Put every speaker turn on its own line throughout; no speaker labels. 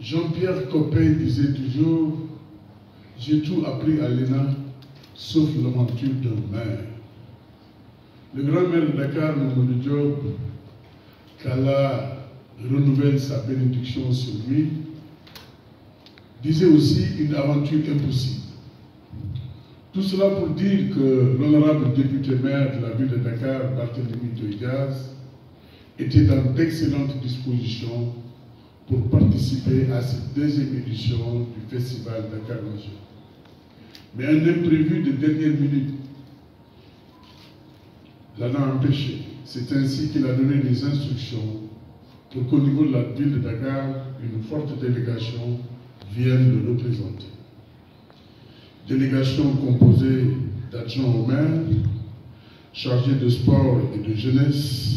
Jean-Pierre Copé disait toujours J'ai tout appris à l'ENA, sauf l'aventure de maire. Le grand maire de Dakar, Mamoudou Diop, renouvelle sa bénédiction sur lui, disait aussi une aventure impossible. Tout cela pour dire que l'honorable député maire de la ville de Dakar, Barthélemy Doigaz, était dans d'excellentes dispositions pour participer à cette deuxième édition du Festival Dakar major Mais un imprévu de dernière minute l'a empêché. C'est ainsi qu'il a donné des instructions pour qu'au niveau de la ville de Dakar, une forte délégation vienne le représenter. Délégation composée d'adjoints au chargé chargés de sport et de jeunesse,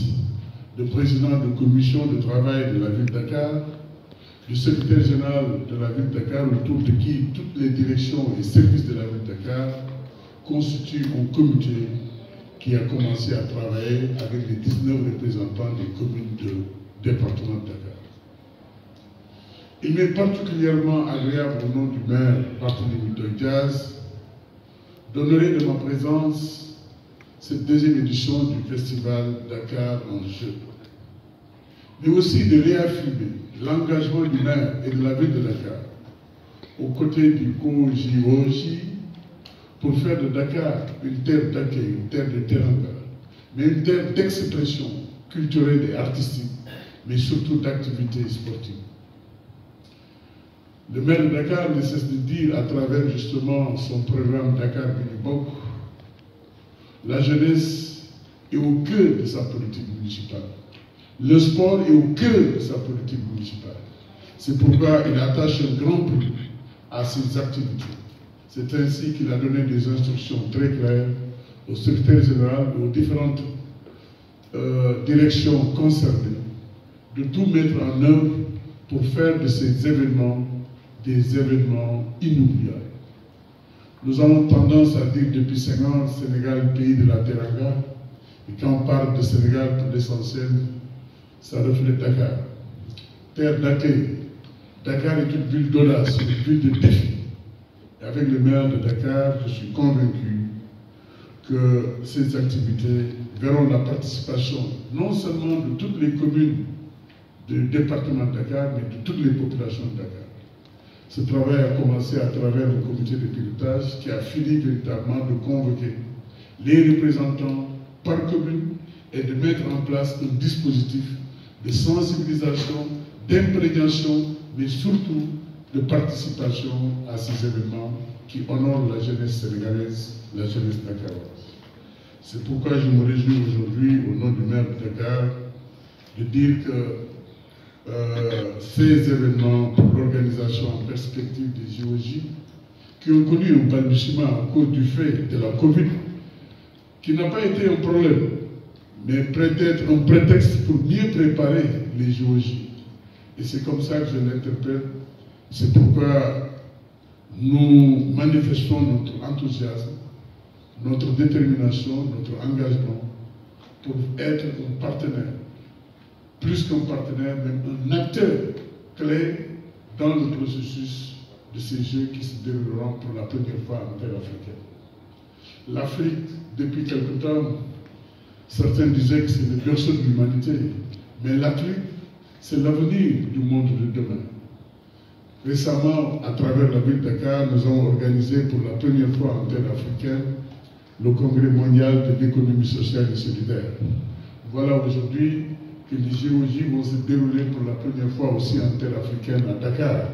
de président de commission de travail de la ville de Dakar, du secrétaire général de la ville de Dakar, autour de qui toutes les directions et services de la ville de Dakar constituent un comité qui a commencé à travailler avec les 19 représentants des communes de département de Dakar. Il m'est particulièrement agréable au nom du maire De gaz d'honorer de ma présence cette deuxième édition du festival Dakar en jeu, mais aussi de réaffirmer l'engagement du maire et de la ville de Dakar aux côtés du COJOJ pour faire de Dakar une terre d'accueil, une terre de terrain, mais une terre d'expression culturelle et artistique mais surtout d'activités sportives. Le maire de Dakar ne cesse de dire à travers justement son programme Dakar Binibok, la jeunesse est au cœur de sa politique municipale. Le sport est au cœur de sa politique municipale. C'est pourquoi il attache un grand prix à ses activités. C'est ainsi qu'il a donné des instructions très claires au secrétaire général et aux différentes euh, directions concernées de tout mettre en œuvre pour faire de ces événements des événements inoubliables. Nous avons tendance à dire depuis cinq ans, Sénégal, pays de la Teranga, et quand on parle de Sénégal, pour l'essentiel, ça reflète Dakar. Terre d'accueil. Dakar est une ville d'audace, une ville de défi. Et avec le maire de Dakar, je suis convaincu que ces activités verront la participation non seulement de toutes les communes du département de Dakar, mais de toutes les populations de Dakar. Ce travail a commencé à travers le comité de pilotage qui a fini véritablement de convoquer les représentants par commune et de mettre en place un dispositif de sensibilisation, d'imprégnation, mais surtout de participation à ces événements qui honorent la jeunesse sénégalaise, la jeunesse dakaroise. C'est pourquoi je me réjouis aujourd'hui, au nom du maire de Dakar, de dire que euh, ces événements pour l'organisation en perspective des JOJ qui ont connu un balbutiement à cause du fait de la Covid, qui n'a pas été un problème, mais peut-être un prétexte pour mieux préparer les JOJ. Et c'est comme ça que je l'interprète. C'est pourquoi nous manifestons notre enthousiasme, notre détermination, notre engagement pour être un partenaire plus qu'un partenaire, mais un acteur clé dans le processus de ces Jeux qui se dérouleront pour la première fois en terre africaine. L'Afrique, depuis quelque temps, certains disaient que c'est le berceau de l'humanité, mais l'Afrique, c'est l'avenir du monde de demain. Récemment, à travers la ville de Dakar, nous avons organisé pour la première fois en terre africaine le Congrès mondial de l'économie sociale et solidaire. Voilà aujourd'hui que les JOJ vont se dérouler pour la première fois aussi en terre africaine à Dakar.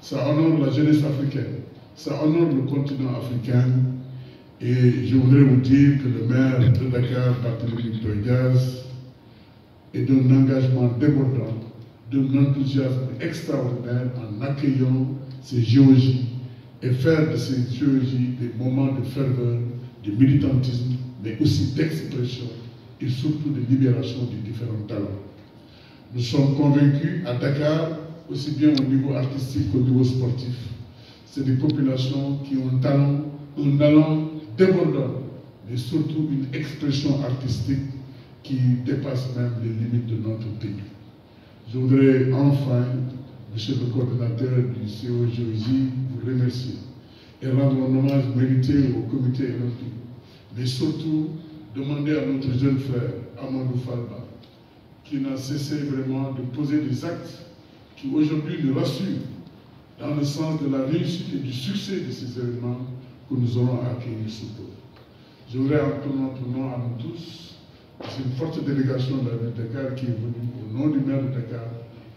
Ça honore la jeunesse africaine, ça honore le continent africain. Et je voudrais vous dire que le maire de Dakar, Patrick Doigas, est d'un engagement débordant, d'un enthousiasme extraordinaire en accueillant ces JOJ et faire de ces JOJ des moments de ferveur, de militantisme, mais aussi d'expression et surtout de libération des différents talents. Nous sommes convaincus à Dakar, aussi bien au niveau artistique qu'au niveau sportif, c'est des populations qui ont un talent, un talent débordant, mais surtout une expression artistique qui dépasse même les limites de notre pays. Je voudrais enfin, Monsieur le coordinateur du COGOJ, vous remercier et rendre un hommage mérité au comité olympique, mais surtout demander à notre jeune frère Amadou Falba, qui n'a cessé vraiment de poser des actes qui aujourd'hui nous rassurent dans le sens de la réussite et du succès de ces événements que nous aurons à accueillir sous peu. Je voudrais en nom à nous tous, c'est une forte délégation de la ville de Dakar qui est venue au nom du maire de Dakar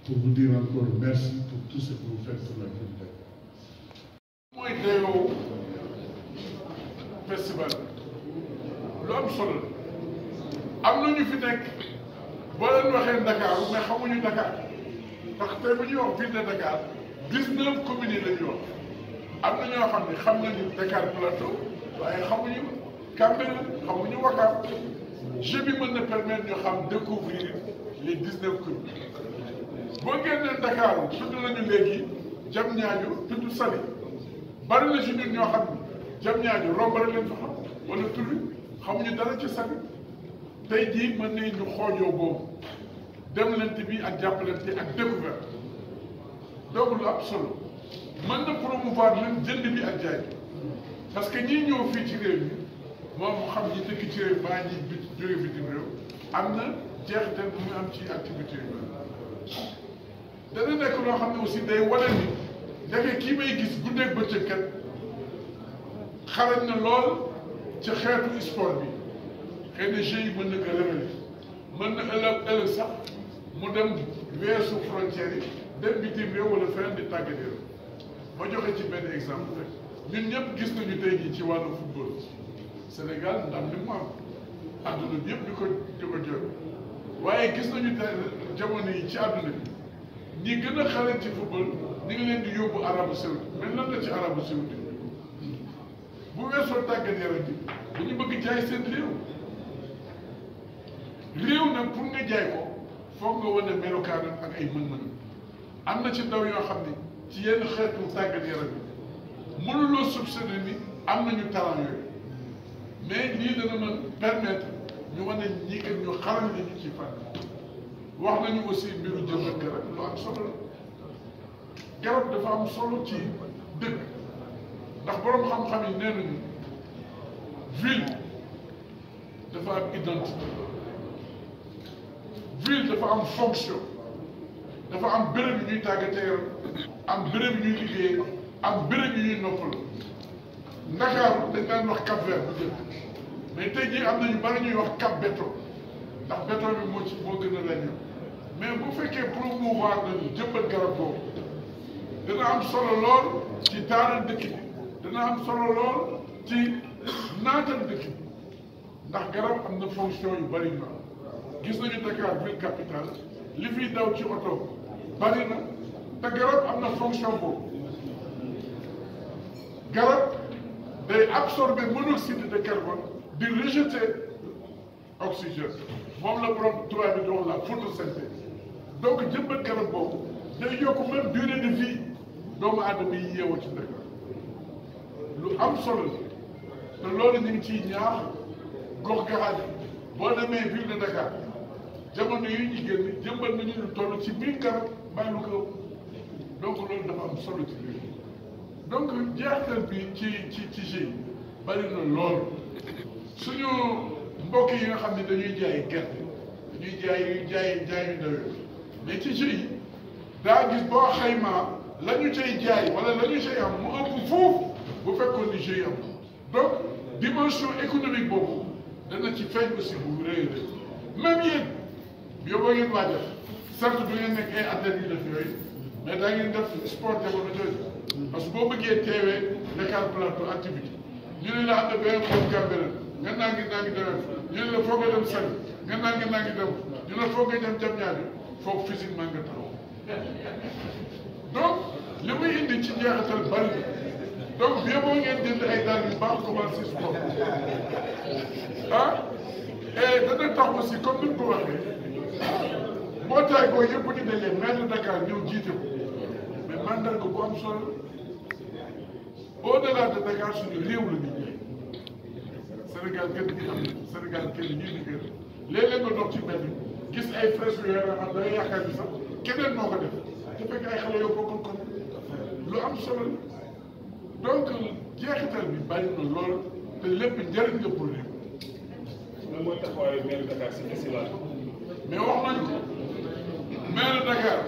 pour vous dire encore merci pour tout ce que vous faites pour la ville de Dakar. lu am solo am na ñu fi nekk boo leen waxee Dakar mais xamuñu Dakar ndax tey bu ñuy wax ville de Dakar dix-neuf communes yi la ñuy wax am na ñoo xam ne xam nañu Dakar Plateau waaye xamuñu Cambérène xamuñu Ouakam jeu bi mën na permettre ñu xam découvrir les dix-neuf communes boo génnee Dakar tudd nañu léegi Diamniadio tudd Saly bari na si ñun ñoo xam ne Diamniadio romb rek leen fa xam wala tur xamuñu dara ci sag tey jii mën nañ ñu xoojoo boobu demlante bi ak jàppalante ak découverte double absolu mën na promouvoir leen jënd bi ak jaay parce que ñii ñëw fii ci réew mi moom mu xam ñi dëkk ci réew baa ñi bi jóge bitim réew am na jeexital bu muy am ci activité yi dana nekk loo xam ne aussi day wane ni ndeke kii may gis guddeeg bëccëg kat xarañ na lool تخاف الاسباني كان جاي من غرمان من الاب الاسا مدام بيسو فرونتيري دم بيتي مي ولا فان دي تاغيرو ما جوخي تي بن اكزامبل نين نيب غيس نيو تاي دي تي والو فوتبول سنغال ندام لي مام ادونا نيب ديكو ديكو جو واي غيس نيو تاي جاموني تي ادونا ني غنا خالتي فوتبول ني لين دي يوبو عرب سعودي من لان لا تي عرب سعودي weesoo tàggat yaram bi dañu bëgg jaay seen réew réew nag pour nga jaay ko foog nga wane melokaanam ak ay mën-mënam am na ci ndaw yoo xam ne ci yenn xeetu tàggat yaram bi mënuloo soupçonné ni am nañu talent yooyu mais lii dana mën ñu wane ñi ñu xaral li ci fànn wax nañu aussi mbiru jëmbat garab lu am solo garab dafa am solo ci dëkk ndax borom xam-xam yi nee nañu ville dafa am identité ville dafa am fonction dafa am béréb yu ñuy am béréb yu ñuy am béréb yu ñuy noppal Ndakaaru dañ wax Cap Vert bu jëkk mais tey jii am nañu bari ñuy wax Cap Béton ndax béton bi moo ci moo gën a lañu mais bu fekkee promouvoir nañu jëmbat garab boobu dina am solo lool ci taara dëkk bi dina am solo lool ci naatal dëkk ndax garab am na fonction yu bëri na gis nañu Dakar ville capitale li fi daw ci oto bëri na te garab am na fonction boobu garab day absorber monoxyde de carbone di rejeter oxygène moom la borom tubaab bi di wax la donc jëmbat garab boobu day yokk même durée de vie doomu aadama yi yeewoo am solo loolu ñu ngi ciy ñaax gox gaxaat yi boo demee ville de Dakar jamono yi ñu génn jëmbal nañu lu toll ci mille garab mbaa lu ko donc loolu dafa am solo ci biir donc jeexital bi ci ci ci ji bari na lool suñu mbokk yi nga xam ne dañuy jaay gerte dañuy jaay jaay jaay yu ndaw mais ci ji daa gis boo xaymaa la ñu cay jaay wala la ñu cay am mu ëpp foofu. bu fekkoon ni GIE am donc dimension économique boobu dana ci feeñ aussi bu rëy a même yéen yow ba ngeen waajal certes du ngeen nekk ay athlètes yu def yooyu mais daa ngeen def sport jamono jooju parce que boo bëggee teewee Dakar Plateau activité ñu ne la am na benn bopp Cambérène nga naa ngi naa ngi ne la nga dem Saly nga naa ngi naa ngi dem ñu ne la foog indi ci jeexital bari na. donc bien boo ngeen jënd ay dàll yu baax commencé sport ah et dana tax aussi comme ni ko waxee mbootaay boobu yëpp bu ñu de Dakar ñëw jiite ko mais mandarga bu am solo au delà de Dakar suñu réew la ñu Sénégal gën ñu am Sénégal kenn ñuy liggéey léeg-léeg nga dox ci mbedd gis ay fraises yu yore am da nga keneen moo ko te fekk ay xale yoo bokkoon lu am solo donc jeexital bi bari na lool te lépp njëriñ la pour lépp. lan mooy taxawaayu maire Dakar si Essilal. mais wax nañ ko maire Dakar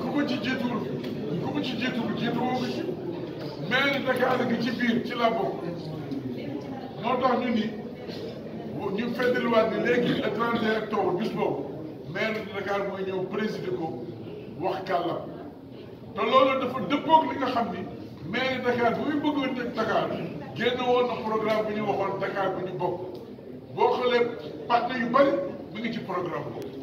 ku ko ci jiituwul ku ko ci jiituwul jiituwoo ko ci maire Dakar gi ci biir ci la bokk moo tax ñu ni ñu feddaliwaat ni é le 31 octobre bis boobu maire Dakar mooy ñëw présider ko wax kàllam te loolu dafa dëppoog li nga xam ni. mairie Dakar bu ñu bëggoon teg Dakar génn woon na programme bu ñu waxoon Dakar bu ñu bokk boo xoolee parti yu bëri mi ngi ci programme boobu.